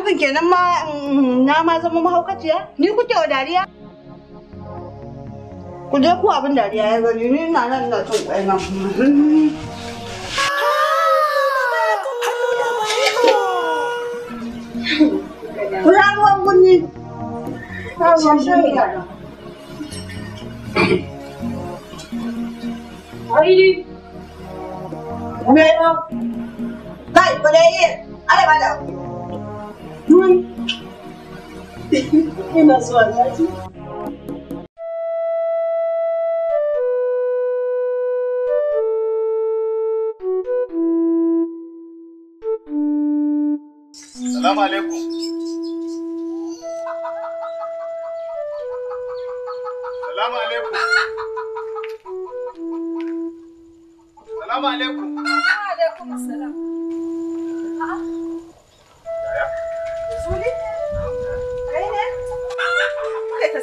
abin kenan ma mm, na ma zama mahaukaciya? Ni kuke wa dariya? Ku je ku abin dariya ya gani ni na nan na cin kwai na. Kuna ruwan gunni. Ai, Ina zuwa daji. Salamu alaikum.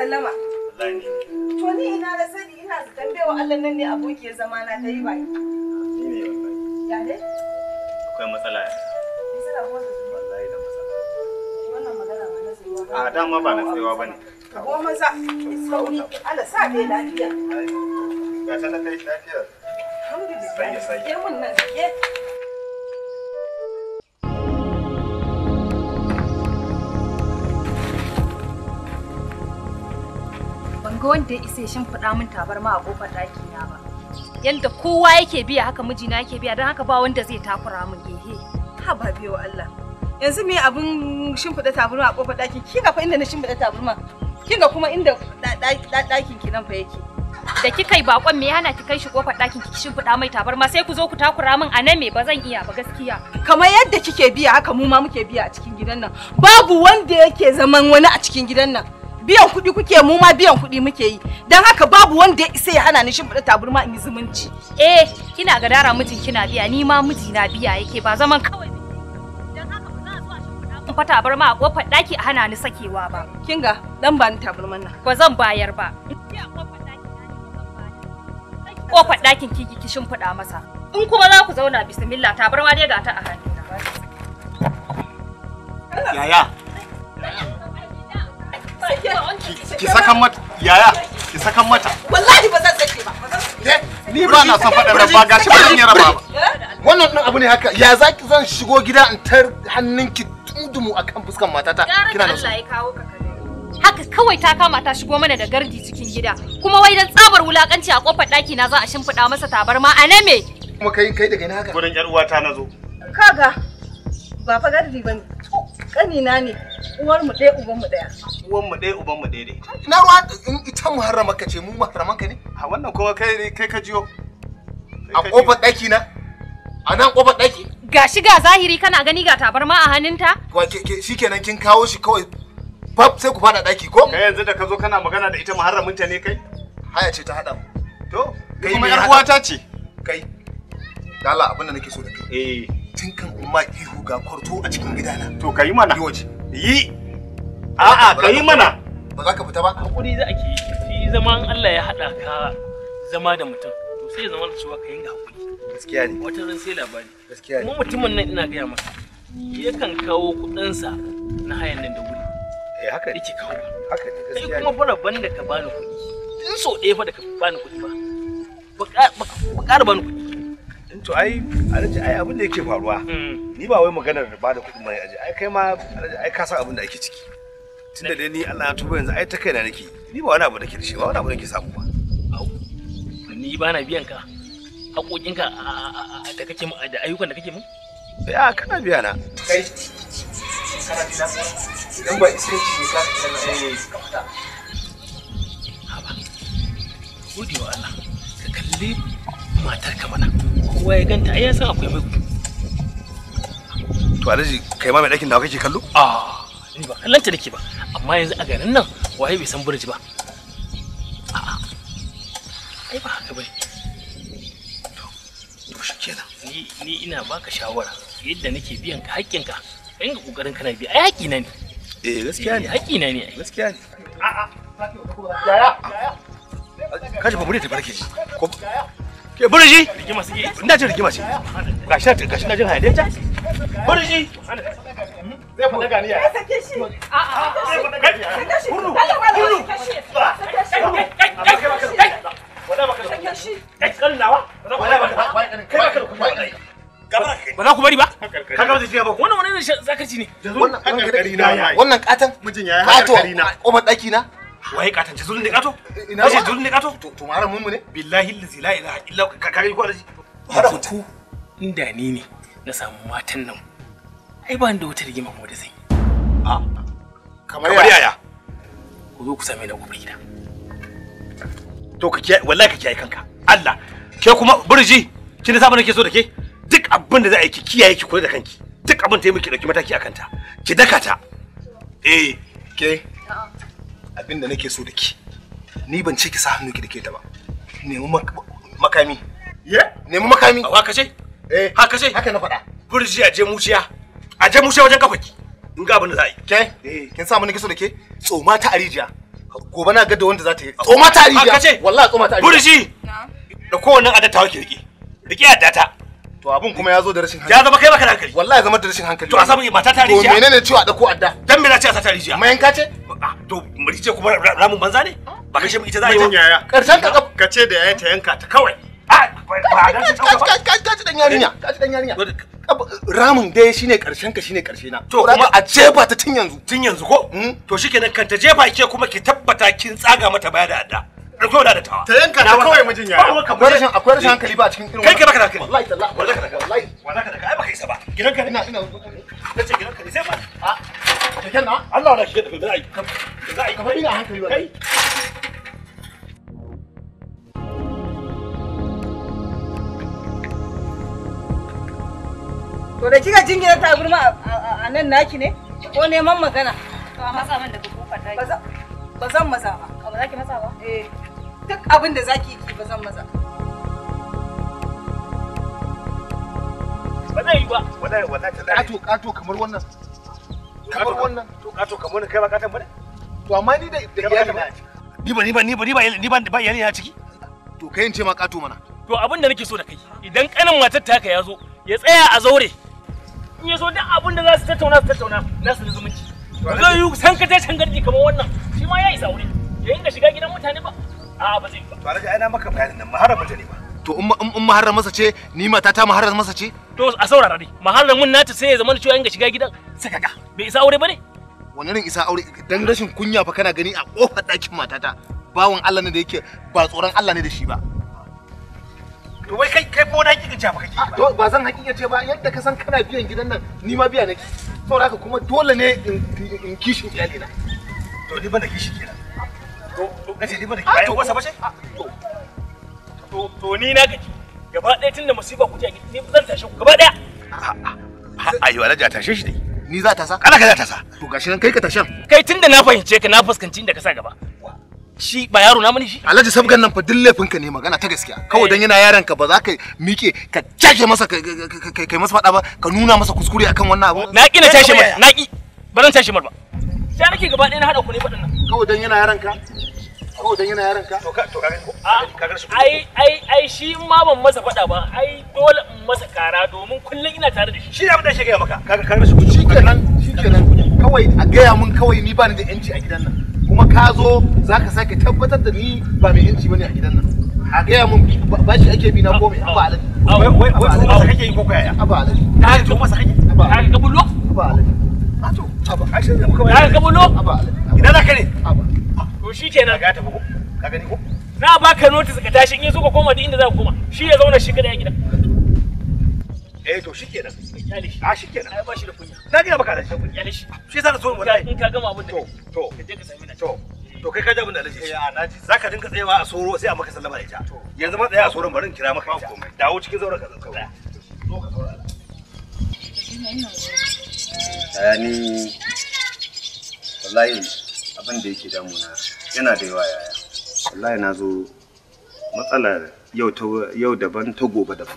sallama. To ni ina da sani ina zaton baiwa Allah nan ne abokiyar zama na ta yi baki. Ya dai? Akwai matsala ya. Matsala ko Wallahi da matsala. Wannan magana ba na tsayuwa ba. A dama ba na tsayuwa ba ne. Ko maza, sauri, Allah sa kai lafiya. Ga ta na kai lafiya. Alhamdulillah. Sai ya sai. Ke mun nan, ga wanda ya isa ya shimfiɗa min tabarma a kofar ɗaki na ba yanda kowa yake biya haka mijina yake biya don haka ba wanda zai takura min gehe ha ba biyo Allah yanzu me abin shimfiɗa tabarma a kofar ɗaki ki ga fa inda na shimfiɗa tabarma Ki ga kuma inda ɗakin ki nan fa yake da kika yi bakon me hana ki kai shi kofar ɗakin ki shimfiɗa mai tabarma sai ku zo ku takura min a nan me ba zan iya ba gaskiya kamar yadda kike biya haka mu ma muke biya a cikin gidan nan babu wanda yake zaman wani a cikin gidan nan biyan kuɗi kuke mu ma biyan kuɗi muke yi don haka babu wanda sai ya hana ni fada taburma in yi zumunci eh kina gadara mijin kina biya ni ma miji na biya yake ba zaman kawai don haka ba za a zo a fada fa taburma a kofar daki a hana ni sakewa ba kinga dan ba ni taburman nan ba zan bayar ba kofar ɗakin kiki ki fada masa in kuma za ku zauna bismillah taburma dai ga ta a hannuna yaya ki sakan mata yaya ki sakan mata wallahi ba zan sake ba eh, ni ba na son faɗa rabba gashi ba zan yi raba ba wannan ɗin abu ne haka ya za ki zan shigo gida in tar hannunki tundumu akan fuskan matata kina da Allah haka kawai ta kama ta shigo mana da gardi cikin gida kuma wai dan tsabar wulakanci a kofar ɗaki na za a shimfiɗa masa tabarma a name kuma kai kai daga ina haka gurin yar uwata na zo kaga ba fa gardi bane kanina ne Uwar mu ɗaya uban mu ɗaya. Uwan ɗaya uban mu ɗaya dai. Ina ruwa in ita muharrama ka ce mu muharraman ka ne? A wannan kuma kai ne kai ka jiyo. A kofar ɗaki na? A nan kofar ɗaki? Ga shi ga zahiri kana gani ga tabarma a hannunta? Wa ke ke shikenan kin kawo shi kawai bab sai ku fada ɗaki ko? Kai yanzu da ka zo kana magana da ita muharraminta ne kai? Haya ce ta haɗa mu. To, kai kuma ƴar uwata ce. Kai. Dala abin da nake so da kai. Eh. Tun kan umma ihu ga kwarto a cikin gidana. To kai mana. Yi waje. Yi. A'a ka yi mana. Ba za ka fita ba. Hakuri za a ke yi. Shi zaman Allah ya haɗa ka zama da mutum. To sai zama da cewa ka yi hakuri. Gaskiya ne. Wata ran sai labari. Gaskiya ne. Kuma mutumin nan ina gaya masa. Yakan kawo kuɗinsa na hayan nan da wuri. Eh haka Yake kawo. Haka ne gaskiya ne. kuma bara banda ka bani kuɗi. In so ɗaya fa da ka bani kuɗi ba. Ba ka bani kuɗi. to ai ce ai abin da yake faruwa hmm. ni ba wai maganar ba da kuɗin mai aje ai kai ma ai ka san abin da ake ciki tunda dai ni Allah ya tuba yanzu ai ta na nake ni ba wani abu da ke da ba wani abu da ke samu ba ni ba na biyan ka ka da kake mu da ayyukan da kake mu ya kana biya na kai kana biya idan ba iskanci ne ka eh, eh, ka fita haba gode wa Allah ka kalli matar ka mana kowa ya ganta ai ya san akwai mai to alhaji kai ma mai dakin da kake kallo a ah, ni ba kallon ta nake ba amma yanzu a garin nan waye bai san burji ba a'a ai ba haka bane to shi kenan ni ni ina baka shawara yadda nake biyan ka haƙƙinka in ga kokarin kana biya ai haƙƙi na ne eh gaskiya ne eh, haƙƙi na ne gaskiya ne a'a yaya kaji ba mu ne tabarke ko Ke burji? Rigima suke. Ina jin rigima ce. Gashi na gashi na jin hayaniya ta. Burji. Ba ku bari ba? Wannan wani zakarci ne. Wannan katon. Mijin yayi. Wannan katon. na. waye katance zulun ne kato ina ce zulun ne kato to haramun mu ne billahi allazi la ilaha illa ka kai ko alaji haramun ku inda ni ne na samu matan nan ai ba da wata rigima ko da zai a kamar yaya ku zo ku same na gobe gida to ka kiyaye wallahi ka kiyaye kanka Allah ke kuma burji kin da nake so da ke duk abin da za a yi ki kiyaye ki kula da kanki duk abin da ya miki dauki mataki akan ta ki daka ta eh ke abin da nake so da ni ban ce ki sa hannu ki da ke ta ba nemi makami ye nemi makami haka ce eh haka ce haka na faɗa burji a je muciya a je muciya wajen kafaki in ga abin da za yi ke eh kin sa mun ki so da ke tsoma ta arijiya gobe na ga da wanda za ta yi tsoma ta arijiya haka ce wallahi tsoma ta arijiya burji da kowannen adattawa wake rike rike adata to abun kuma ya zo da rashin hankali ya zama kai baka da hankali wallahi zama da rashin hankali to a samu mata ta rijiya to menene ciwa a dako adda dan me za ci a sa ta rijiya mayanka ce to mace kuma ramin banza ne ba kashe mu ita za a yi ba karshen ka ka ce da yayi ta yanka ta kawai ka ci dan yarinya ka ci dan yarinya ramin dai shine karshen ka shine karshe na to kuma a jefa ta tun yanzu tun yanzu ko hmm? to shikenan kan ta jefa ke kuma ki tabbata kin tsaga mata baya da adda ɗauko da da tawa ta yanka ta kawai mijin yaya akwai rashin akwai rashin hankali ba a cikin irin kai kai baka da hankali wallahi tallahi wallahi wallahi wallahi ai baka isa ba gidanka ina ina nace gidanka ne sai ba keken na da a da kika jingina ta gurma a nan naki ne ko neman magana? To a man daga kofar daki. Ba zan maza ba. Ka ba za ki ba? Eh. Duk abin da ki ba zan maza. Ba zai yi ba. Wallahi wallahi ta dare. Kato kato kamar wannan. kamar wannan to kato kamar kai ba katan to amma ni da iyali ni ba ni ba ni ba ni ba ni ba iyali ciki to kai in ce ma kato mana to abin da nake so da kai idan kanin matar taka ya zo ya tsaya a zaure in ya duk abin da za su tattauna su tattauna na su zumunci yi san ka tashin gardi kamar wannan shi ma ya yi wuri ya inda shiga gidan mutane ba a ba zai ba to alhaji ai na maka bayanin nan maharar ba to in maharar masa ce ni mata ta maharar masa ce to a saurara dai maharramin nata sai ya zama cewa in ga shiga gidan sai kaga bai isa aure bane wani rin isa aure dan rashin kunya fa kana gani a kofar ɗakin matata bawan Allah ne da yake ba tsoron Allah ne da shi ba to wai kai kai boda kike ba kake to ba zan hakika ce ba yadda ka san kana biyan gidan nan ni ma biya nake saboda haka kuma dole ne in kishin iyali na to ni ban da kishi kenan to kace ni ban da kishi ai ah, wasa ah, to to ni na gaba ɗaya tunda musiba kuke a gidan zan tashe ku gaba ɗaya ayo alhaji a tashe shi dai ni za ta sa kana ka za ta sa to gashi nan kai ka tashan kai tunda na fahimce ka na fuskanci inda ka sa gaba shi ba yaro na mani shi alhaji sabgan nan fa duk laifin ka ne magana ta gaskiya kawai dan eh. yana yaron ka ba za ka mike ka cake masa kai masa fada ba ka nuna masa kuskure akan wannan abu na ki na tashi mar na ki ba zan tashi mar ba sai nake gaba ɗaya na hada ku ne faɗin nan kawai dan yana yaron ka ko yana yaron ka to ka to ka ah, su ai ai ai shi in ma ban masa faɗa ba ai dole in masa kara domin kullum ina tare da shi shi abin da shi ga maka kaga ka su shi kenan shi kenan kawai a gaya mun kawai ni ni da yanci a gidan nan kuma ka zo za zaka sake tabbatar da ni ba mai yanci bane a gidan nan a gaya mun ba shi ake bi na ko mai ba alaji wai wai wai kake yi ko kaya ba alaji ka to masa kake ba alaji ka bullo ba alaji a ah, to ba ai sai ba alaji idan ka ne ba to shi kenan ka tafi ko ka gani ko na baka notice ka tashi in yaso ka koma duk inda za ka koma shi ya zauna shi kada ya gida eh to shi kenan kyale shi a ah, shi kenan ai ba shi da kunya na ga baka da shi kyale shi shi mu dai in ka gama abin da to to ka je ka sami na to to kai ka ji abin da alaji eh, tsayawa a soro sai a maka sallama da ita yanzu ma tsaya a soron bari kira maka ita dawo cikin zauren ka zauna ka eh, ni wallahi abin da yake damuna yana da yawa yaya wallahi na zo matsalar yau ta yau daban ta gobe daban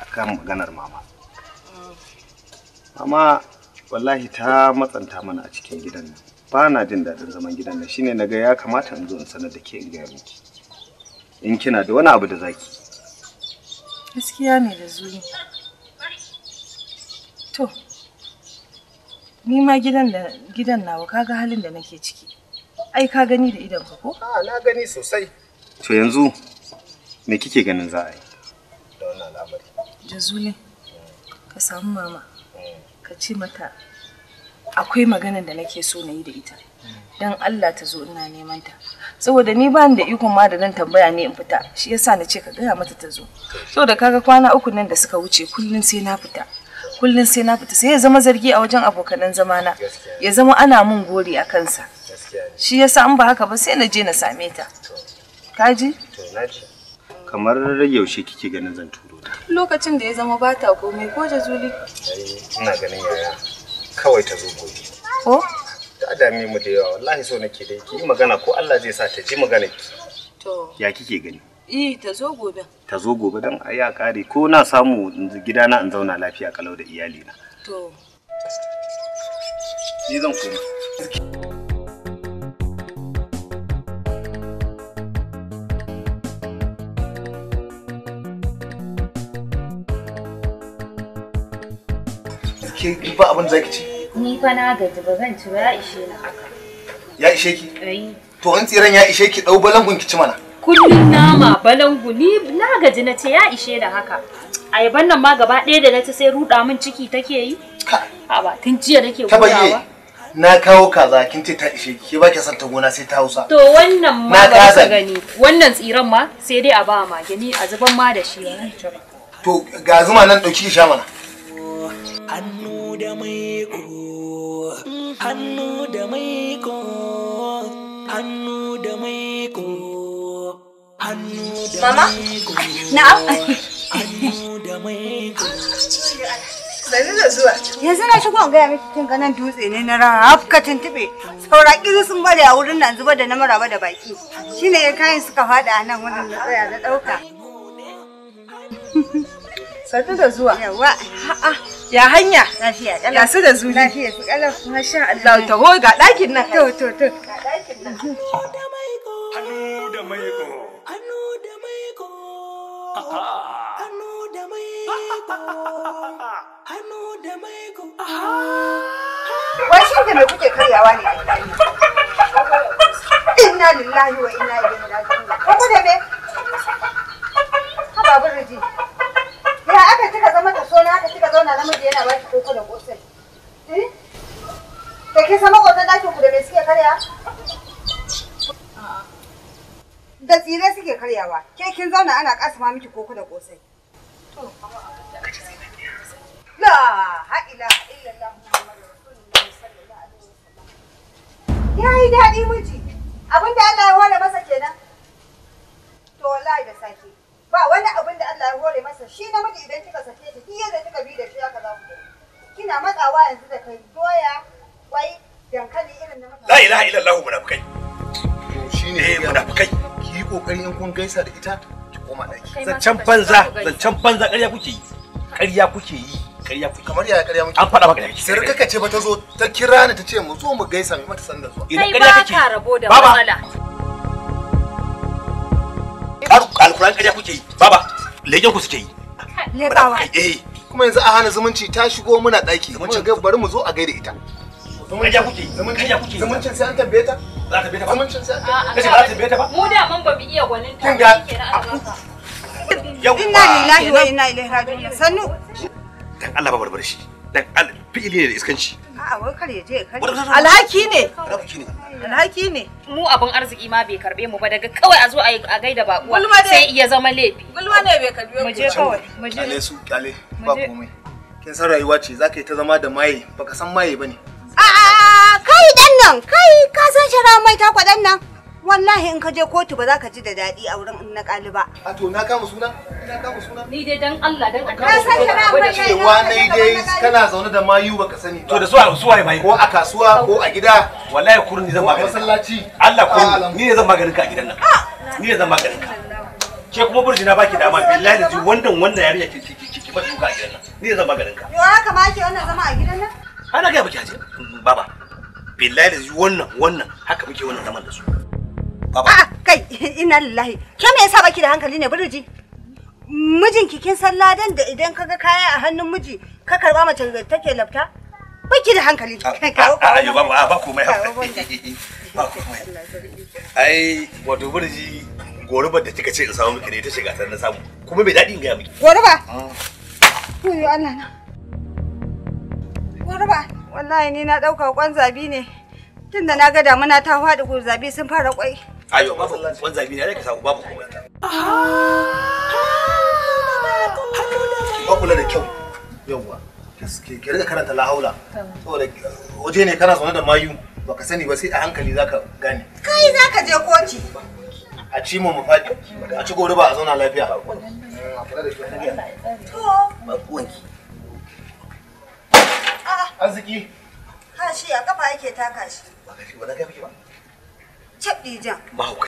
akan maganar mama Mama wallahi ta matsanta mana a cikin gidan nan ba na jin daɗin zaman gidan nan shine naga ya kamata in zo in sanar da ke in gaya miki in kina da wani abu da zaki gaskiya ne da zuri to ni ma gidan da gidan nawa kaga halin da nake ciki Ai ka gani da idan ko? Ah, na gani sosai. To yanzu me kike ganin za a yi? Da wannan al'amari. ka samu mama. Mm. Ka ce mata akwai maganar da nake so na yi da ita. Dan Allah ta zo ina neman ta. Saboda ni ba da ikon ma da nan tambaya ne in fita. Shi yasa na ce ka gaya mata ta zo. Saboda kaga kwana uku nan da suka wuce kullun sai na fita. kullum sai na fita sai ya zama zargi a wajen abokanan zamana ya zama ana mun gori a kansa shi sa in ba haka ba sai na je na same ta kaji kamar yaushe kike ganin zan turo ta lokacin da ya zama ba ta komai ko jazuli ina ganin yaya kawai ta zo gobe ko ta dame mu da yawa wallahi so nake dai ki magana ko Allah zai sa ta ji magana ki to ya kike gani Eh, ta zo gobe. Ta zo gobe don a ya kare ko na samu gidana in zauna lafiya kalau da iyalina. To. Ni zan koma. ke ba abin zaki ci ni fa na gaji ba zan ci ba ya ishe na ya ishe ki eh. to an tsiran ya ishe ki dau balangun ki ci mana kullun nama balangu ni na gaji na ce ya ishe da haka ayaban nan ma gaba ɗaya da na ta sai ruda min ciki take yi a ba tun jiya nake gudawa na kawo kaza kin ce ta ishe ki ba ki san ta gona sai ta Hausa to wannan ma ba ka gani wannan tsiran ma sai dai a ba ma gani a zuban ma da shi to ga zuma nan dauki ki sha mana hannu da ko hannu da ko hannu da ko hannu da hannu da Yanzu na shigo in gaya miki kin ganin dutse ne na rafka tuntube. Saura kizu sun bari a wurin nan zuba da na maraba da baki. Shine kayan suka fada a nan wurin na tsaya da dauka. Sannu da zuwa. Yawa. Ya hanya. Lafiya Ya su da zuri. Lafiya su Masha Allah. ga ɗakin nan. To to to. Ga ɗakin nan. Hannu da Hannu da Hannu da Hannu da Wai shi da kuke karyawa ne Inna lillahi wa inna ilaihi raji'un. Kuma da me? Ka babu ya aka kika zama ta so na haka kika zauna namiji yana baki koko da kosai. Eh? Da ke sama kotan dakin ku da me suke karya? Da tsire suke karyawa. Ke kin zauna ana ma miki koko da kosai. To, La ilaha illallah Muhammadu Rasulullahi sallallahu alaihi wasallam. Yayi miji. Abinda Allah ya ware masa kenan. To wallahi da sake. ba wani abin da Allah ya hore masa shi miji idan kika sake shi iya da kika bi da shi haka za ku kina matsawa yanzu da kai doya kwai dankali irin na la ilaha illallah munafikai to shine eh munafikai ki yi kokari in kun gaisa da ita ki koma daki zancan banza zancan banza ƙarya kuke yi ƙarya kuke yi ƙarya kamar yaya ƙarya muke an faɗa maka ƙarya sai kaka ce ba zo ta kira ni ta ce mu zo mu gaisa mu mata sanda zuwa ƙarya kake ƙarya suke yi baba leƙen ku suke yi leƙawa eh kuma yanzu a hana zumunci ta shigo muna ɗaki mun ga bari mu zo a gaida ita zumuncin kuke zumuncin zumuncin sai an tambaye ta za ta ta ba zumuncin sai an tambaye ta ba mu da mun ba mu iya gwanin ta kinga inna lillahi wa inna ilaihi raji'un sannu dan Allah ba barbar shi dan fi'ili ne da alhaki ne alhaki ne mu abin arziki ma bai karbe mu ba daga kawai a zo a gaida baƙuwa sai iya zama laifi gulma ne bai karbe mu je kawai kyale su kyale ba komai kin san rayuwa ce zaka yi ta zama da maye baka san maye ne. a'a kai dan nan kai ka san shara mai ta kwadan nan wallahi in ka je kotu ba za ka ji da daɗi a wurin na ƙali ba. A to na kama suna? Na kama suna? Ni dai dan Allah dan Allah. Ka san kana ba yayi. Cewa nai dai kana zaune da mayu ba ka sani To da su suwa suwaye bai. Ko a kasuwa ko a gida. Wallahi kurni zan maganin. Masallaci. Allah kurni. Ni ne zan maganin ka a gidan nan. Ah! Ni ne zan maganin ka. Ke kuma burjina baki da amma billahi da ji wannan wannan yarinya ke ke ke ba duka a gidan nan. Ni ne zan maganin ka. Yo haka ma ke wannan zama a gidan nan? Ana ga baki haje. Baba. Billahi da ji wannan wannan haka muke wannan zaman da su. Baba. A'a ah, kai ina lillahi. Ke me yasa baki da hankali ne Birji? Mijinki kin san ladan da idan ka ga kaya a hannun miji ka karba mace da take lafta? Baki da hankali. A'a ah, ah, ba ba komai. Ba komai. Ai wato Birji gorubar da kika ce in samu miki ne ta shiga ta na samu. Kuma bai daɗi in gaya miki. Goruba? Kuyo mm. Allah na. Goruba wallahi ni na ɗauka kwan ne. Tunda na ga damuna ta faɗi gurzabi sun fara kwai. ayo babu wanda zabi ne ka samu babu komai ba kula da kyau yawwa ki rika karanta la haula saboda waje ne kana zaune da mayu baka sani ba sai a hankali zaka gane kai zaka je koci a ci mu faɗi a ci gobe ba a zauna lafiya ba kuwanki arziki ha shi a kafa yake taka shi ba ka shi ba na gafi ba çatlayacağım. Mahuk